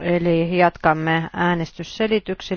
Eli jatkamme äänestysselityksillä.